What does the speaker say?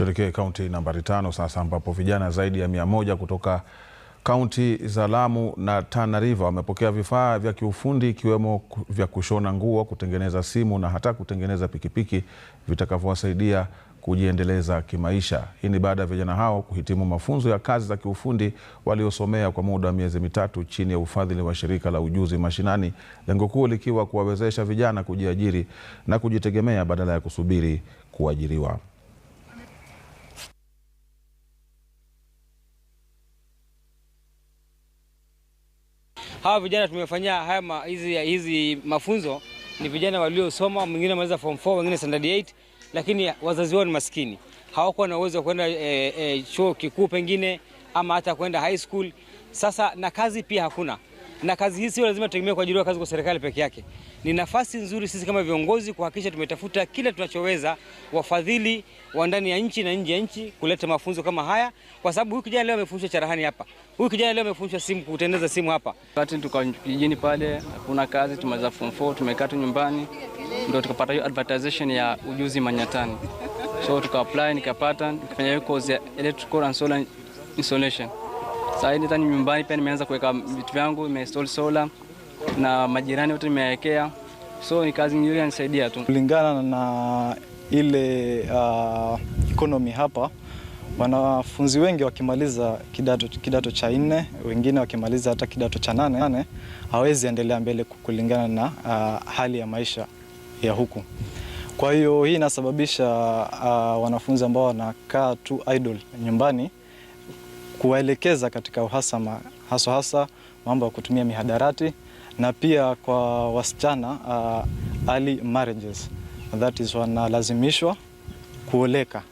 Tuelekee kaunti nambari tano sasa ambapo vijana zaidi ya mia moja kutoka kaunti za Lamu na Tana River wamepokea vifaa vya kiufundi ikiwemo vya kushona nguo, kutengeneza simu na hata kutengeneza pikipiki vitakavyowasaidia kujiendeleza kimaisha. Hii ni baada ya vijana hao kuhitimu mafunzo ya kazi za kiufundi waliosomea kwa muda wa miezi mitatu chini ya ufadhili wa shirika la Ujuzi Mashinani, lengo kuu likiwa kuwawezesha vijana kujiajiri na kujitegemea badala ya kusubiri kuajiriwa. hawa vijana tumefanyia haya hizi hizi mafunzo ni vijana waliosoma, mwingine wamaliza form 4, wengine standard 8, lakini wazazi wao ni maskini, hawakuwa na uwezo wa kwenda e, e, chuo kikuu pengine ama hata kwenda high school. Sasa na kazi pia hakuna na kazi hii sio lazima tutegemee kuajiriwa kazi kwa serikali peke yake. Ni nafasi nzuri sisi kama viongozi kuhakikisha tumetafuta kila tunachoweza, wafadhili wa ndani ya nchi na nje ya nchi, kuleta mafunzo kama haya, kwa sababu huyu kijana leo amefundishwa charahani hapa, huyu kijana leo amefundishwa simu, kutengeneza simu hapa. Wakati tuko kijijini pale, hakuna kazi, tumeza form 4 tumekaa tu nyumbani, ndio tukapata hiyo advertisement ya ujuzi manyatani, so tuka apply nikapata, nikafanya hiyo course ya electrical and solar installation. Sasa hivi ndani nyumbani pia nimeanza kuweka vitu vyangu, nimeinstall solar na majirani wote nimewekea, so ni kazi nzuri inanisaidia tu kulingana na ile uh, economy hapa. Wanafunzi wengi wakimaliza kidato, kidato cha nne, wengine wakimaliza hata kidato cha nane, hawezi endelea mbele kulingana na uh, hali ya maisha ya huku. Kwa hiyo hii inasababisha uh, wanafunzi ambao wanakaa tu idle nyumbani kuwaelekeza katika uhasama haswa hasa mambo ya kutumia mihadarati na pia kwa wasichana uh, early marriages that is wanalazimishwa kuoleka.